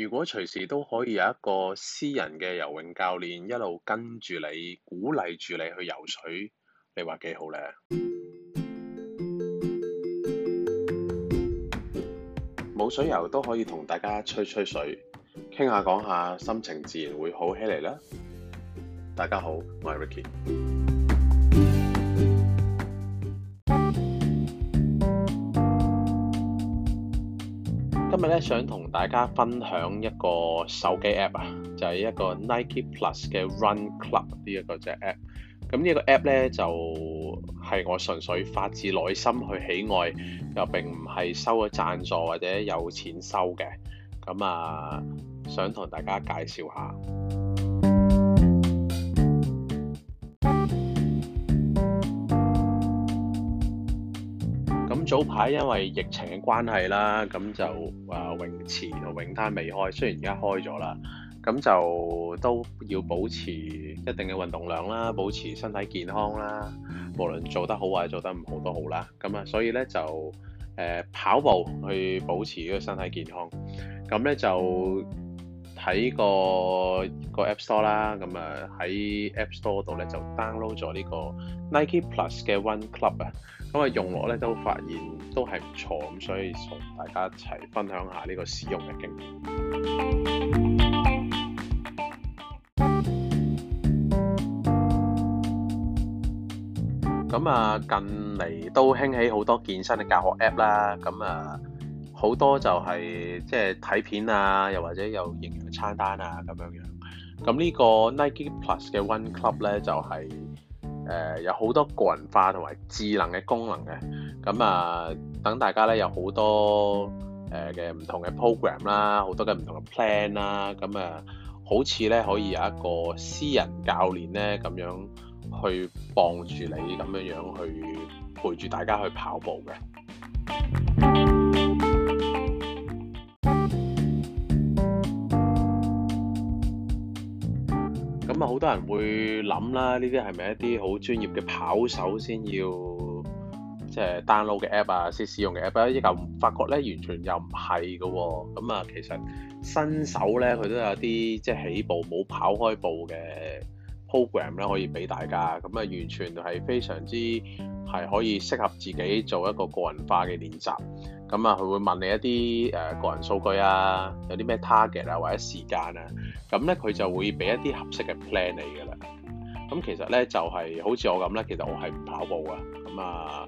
如果隨時都可以有一個私人嘅游泳教練一路跟住你，鼓勵住你去游水，你話幾好呢？冇水游都可以同大家吹吹水，傾下講下，心情自然會好起嚟啦。大家好，我係 Ricky。想同大家分享一個手機 App 啊，就係一個 Nike Plus 嘅 Run Club 呢一個隻 App。咁呢個 App 咧，就係我純粹發自內心去喜愛，又並唔係收咗贊助或者有錢收嘅。咁啊，想同大家介紹下。早排因為疫情嘅關係啦，咁就啊泳池同泳灘未開，雖然而家開咗啦，咁就都要保持一定嘅運動量啦，保持身體健康啦。無論做得好或者做得唔好都好啦，咁啊，所以咧就誒跑步去保持呢個身體健康，咁咧就。喺個個 App Store 啦，咁啊喺 App Store 度咧就 download 咗呢個 Nike Plus 嘅 Run Club 啊，咁啊用落咧都發現都係唔錯，咁所以同大家一齊分享下呢個使用嘅經驗。咁啊近嚟都興起好多健身嘅教學 App 啦，咁啊～好多就係即係睇片啊，又或者有營養餐單啊咁樣樣。咁呢個 Nike Plus 嘅 Run Club 咧就係、是、誒、呃、有好多個人化同埋智能嘅功能嘅。咁啊，等大家咧有好多誒嘅唔同嘅 program 啦，好多嘅唔同嘅 plan 啦。咁啊，好似咧可以有一個私人教練咧咁樣去幫住你咁樣樣去陪住大家去跑步嘅。咁啊，好多人會諗啦，呢啲係咪一啲好專業嘅跑手先要即係 download 嘅 app 啊，先試用嘅 app 啊？一嚿發覺咧，完全又唔係嘅。咁啊，其實新手咧，佢都有啲即係起步冇跑開步嘅 program 咧，可以俾大家。咁啊，完全係非常之係可以適合自己做一個個人化嘅練習。咁啊，佢會問你一啲誒個人數據啊，有啲咩 target 啊，或者時間啊，咁咧佢就會俾一啲合適嘅 plan 你㗎啦。咁其實咧就係、是、好似我咁咧，其實我係唔跑步噶，咁啊。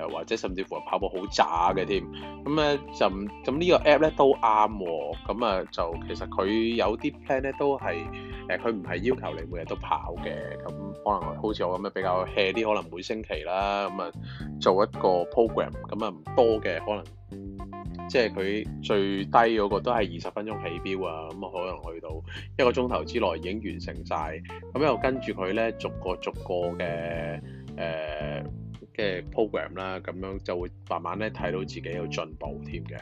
誒或者甚至乎係跑步好渣嘅添，咁咧就咁呢個 app 咧都啱喎，咁啊就其實佢有啲 plan 咧都係誒，佢唔係要求你每日都跑嘅，咁可能好似我咁樣比較 hea 啲，可能每星期啦，咁啊做一個 program，咁啊唔多嘅可能，即係佢最低嗰個都係二十分鐘起標啊，咁啊可能去到一個鐘頭之內已經完成晒。咁又跟住佢咧逐個逐個嘅誒。呃嘅 program 啦，咁樣就會慢慢咧睇到自己有進步添嘅。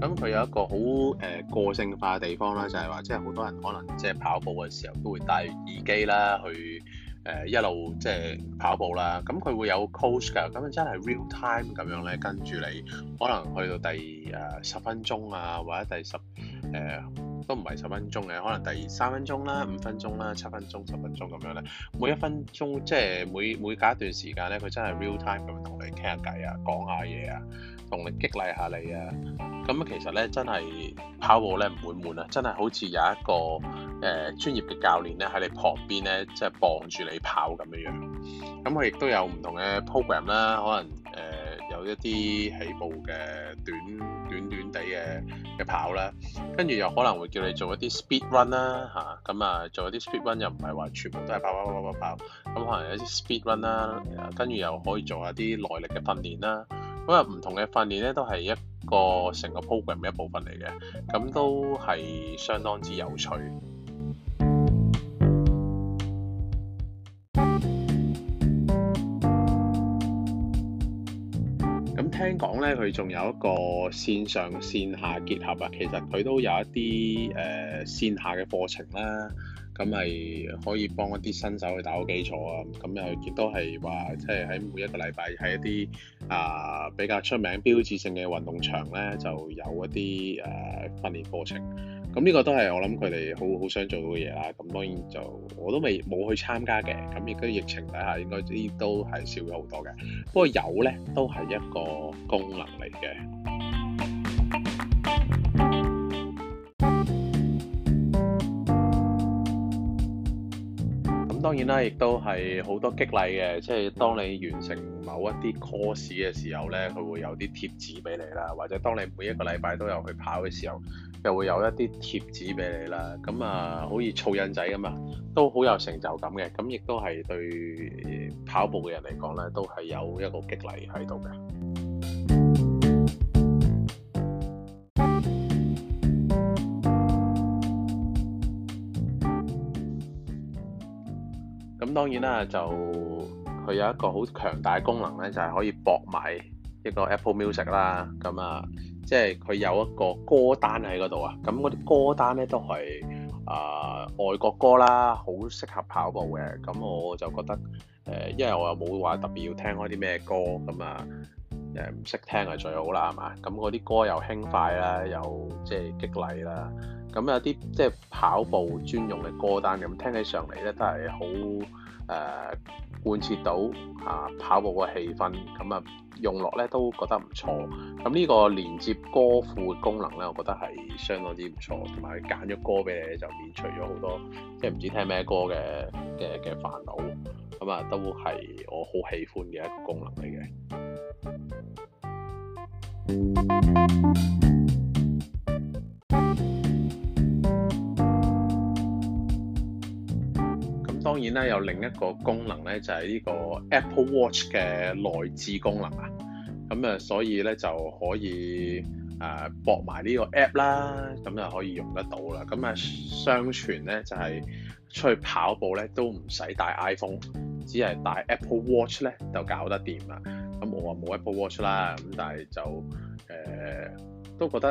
咁佢有一個好誒個性化嘅地方啦，就係話，即係好多人可能即係跑步嘅時候都會帶耳機啦，去誒一路即係跑步啦。咁佢會有 coach 嘅，咁樣真係 real time 咁樣咧跟住你，可能去到第誒十分鐘啊，或者第十。誒、呃，都唔係十分鐘嘅，可能第三分鐘啦、五分鐘啦、七分鐘、十分鐘咁樣咧。每一分鐘即係每每隔一段時間咧，佢真係 real time 咁同你傾下偈啊，講下嘢啊，同你激勵下你啊。咁其實咧真係跑步咧唔會悶啊，真係好似有一個誒、呃、專業嘅教練咧喺你旁邊咧，即係傍住你跑咁樣樣。咁佢亦都有唔同嘅 program 啦，可能。一啲起步嘅短短短地嘅嘅跑啦，跟住又可能會叫你做一啲 speed run 啦，嚇咁啊做一啲 speed run 又唔係話全部都係跑跑跑跑跑，咁可能有一啲 speed run 啦，跟住又可以做下啲耐力嘅訓練啦，因為唔同嘅訓練咧都係一個成個 program 嘅一部分嚟嘅，咁都係相當之有趣。聽講咧，佢仲有一個線上線下結合啊。其實佢都有一啲誒、呃、線下嘅課程啦，咁係可以幫一啲新手去打好基礎啊。咁又亦都係話，即係喺每一個禮拜喺一啲啊、呃、比較出名嘅標誌性嘅運動場咧，就有一啲誒訓練課程。咁呢個都係我諗佢哋好好想做到嘅嘢啦。咁當然就我都未冇去參加嘅。咁亦都疫情底下，應該都係少咗好多嘅。不過有咧，都係一個功能嚟嘅。當然啦，亦都係好多激勵嘅，即係當你完成某一啲 course 嘅時候咧，佢會有啲貼紙俾你啦，或者當你每一個禮拜都有去跑嘅時候，又會有一啲貼紙俾你啦。咁啊，好似錯印仔咁啊，都好有成就感嘅。咁亦都係對跑步嘅人嚟講咧，都係有一個激勵喺度嘅。當然啦，就佢有一個好強大嘅功能咧，就係可以播埋一個 Apple Music 啦。咁啊，即係佢有一個歌單喺嗰度啊。咁嗰啲歌單咧都係啊外國歌啦，好適合跑步嘅。咁我就覺得誒，因為我又冇話特別要聽開啲咩歌咁啊，誒唔識聽係最好啦，係嘛？咁嗰啲歌又輕快啦，又即係激勵啦。咁有啲即係跑步專用嘅歌單，咁聽起上嚟咧都係好。誒、呃、貫切徹到嚇、啊、跑步嘅氣氛，咁啊用落咧都覺得唔錯。咁呢個連接歌庫功能咧，我覺得係相當之唔錯，同埋揀咗歌俾你，就免除咗好多即係唔知道唔知聽咩歌嘅嘅嘅煩惱。咁啊都係我好喜歡嘅一個功能嚟嘅。當然啦，有另一個功能咧就係、是、呢個 Apple Watch 嘅內置功能啊，咁啊所以咧就可以誒駁埋呢個 App 啦，咁就可以用得到啦。咁啊相傳咧就係、是、出去跑步咧都唔使帶 iPhone，只係帶 Apple Watch 咧就搞得掂啦。咁我話冇 Apple Watch 啦，咁但係就誒、呃、都覺得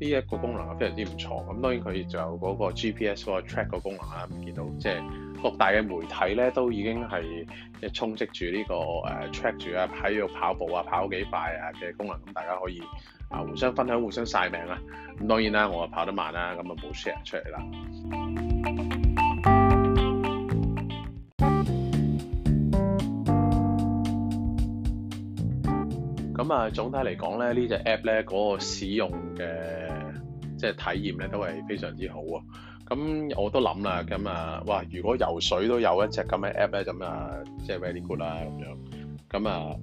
呢一個功能啊非常之唔錯。咁當然佢就有嗰個 GPS 嘅 track 個功能啦，見到即係。就是各大嘅媒體咧都已經係即係充斥住呢個誒 track 住啊，喺度、啊、跑步啊，跑幾快啊嘅功能，咁大家可以啊互相分享、互相晒命啊。咁、嗯、當然啦，我啊跑得慢啦，咁啊冇 share 出嚟啦。咁啊，總體嚟講咧，這隻呢隻 app 咧嗰個使用嘅即係體驗咧都係非常之好啊！咁我都諗啦，咁啊，哇！如果游水都有一隻咁嘅 app 咧，咁啊，即係 very good 啦咁樣。咁啊，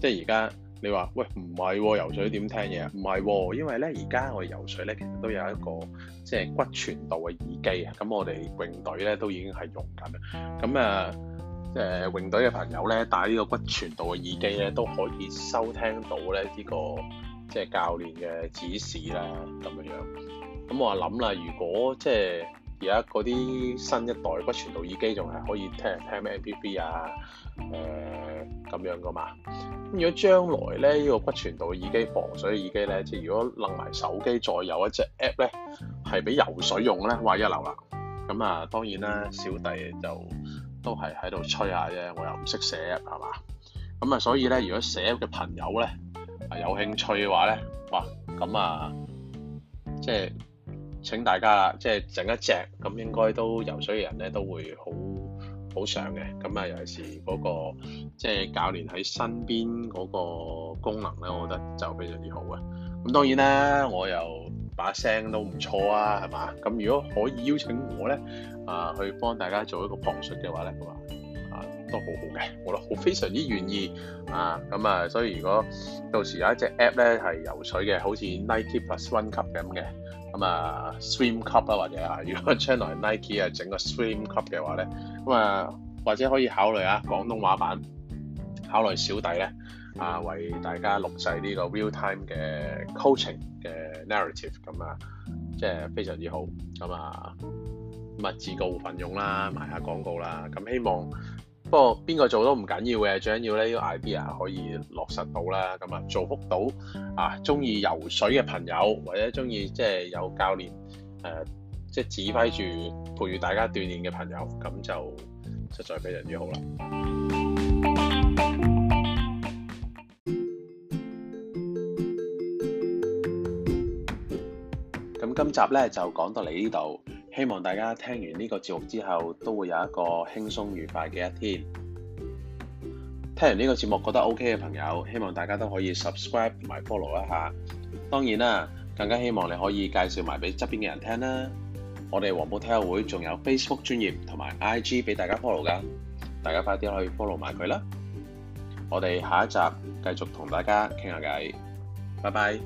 即係而家你話，喂，唔係、哦，游水點聽嘢？唔係，因為咧，而家我哋游水咧，其實都有一個即係骨傳導嘅耳機啊。咁我哋泳隊咧都已經係用緊。咁啊，誒泳隊嘅朋友咧，戴呢個骨傳導嘅耳機咧，都可以收聽到咧、這、呢個即係教練嘅指示啦，咁嘅樣。咁我就諗啦，如果即係而家嗰啲新一代骨傳導耳機仲係可以聽聽咩 APP 啊，誒、呃、咁樣噶嘛。咁如果將來咧，呢個骨傳導耳機防水耳機咧，即係如果攬埋手機再有一隻 APP 咧，係俾游水用咧，話一流啦。咁啊，當然啦，小弟就都係喺度吹下啫，我又唔識寫係嘛。咁啊，所以咧，如果寫嘅朋友咧有興趣嘅話咧，哇，咁啊，即係～請大家即係整一隻咁，應該都游水嘅人咧都會好好上嘅。咁啊，尤其是嗰個即係教練喺身邊嗰個功能咧，我覺得就非常之好嘅。咁當然啦，我又把聲都唔錯啊，係嘛？咁如果可以邀請我咧啊，去幫大家做一個旁述嘅話咧，咁啊啊都好好嘅，我好非常之願意啊。咁啊，所以如果到時有一隻 app 咧係游水嘅，好似 Nike Plus One 級咁嘅。咁啊，Swim Club 啊，Club，或者啊，如果將來 Nike 啊，整個 Swim Club 嘅話咧，咁啊，或者可以考慮啊，廣東話版，考慮小弟咧啊，為大家錄製呢個 real time 嘅 coaching 嘅 narrative，咁啊，即係非常之好，咁啊，咁啊自告奮勇啦，賣下廣告啦，咁希望。不過邊個做都唔緊要嘅，最緊要呢個 idea 可以落實到啦。咁啊，造福到啊中意游水嘅朋友，或者中意即係有教練誒、呃，即係指揮住陪住大家鍛鍊嘅朋友，咁就實在非常之好啦。咁今集咧就講到嚟呢度。希望大家聽完呢個節目之後都會有一個輕鬆愉快嘅一天。聽完呢個節目覺得 OK 嘅朋友，希望大家都可以 subscribe 同埋 follow 一下。當然啦，更加希望你可以介紹埋俾側邊嘅人聽啦。我哋黃埔聽友會仲有 Facebook 專頁同埋 IG 俾大家 follow 㗎，大家快啲去 follow 埋佢啦。我哋下一集繼續同大家傾下偈，拜拜。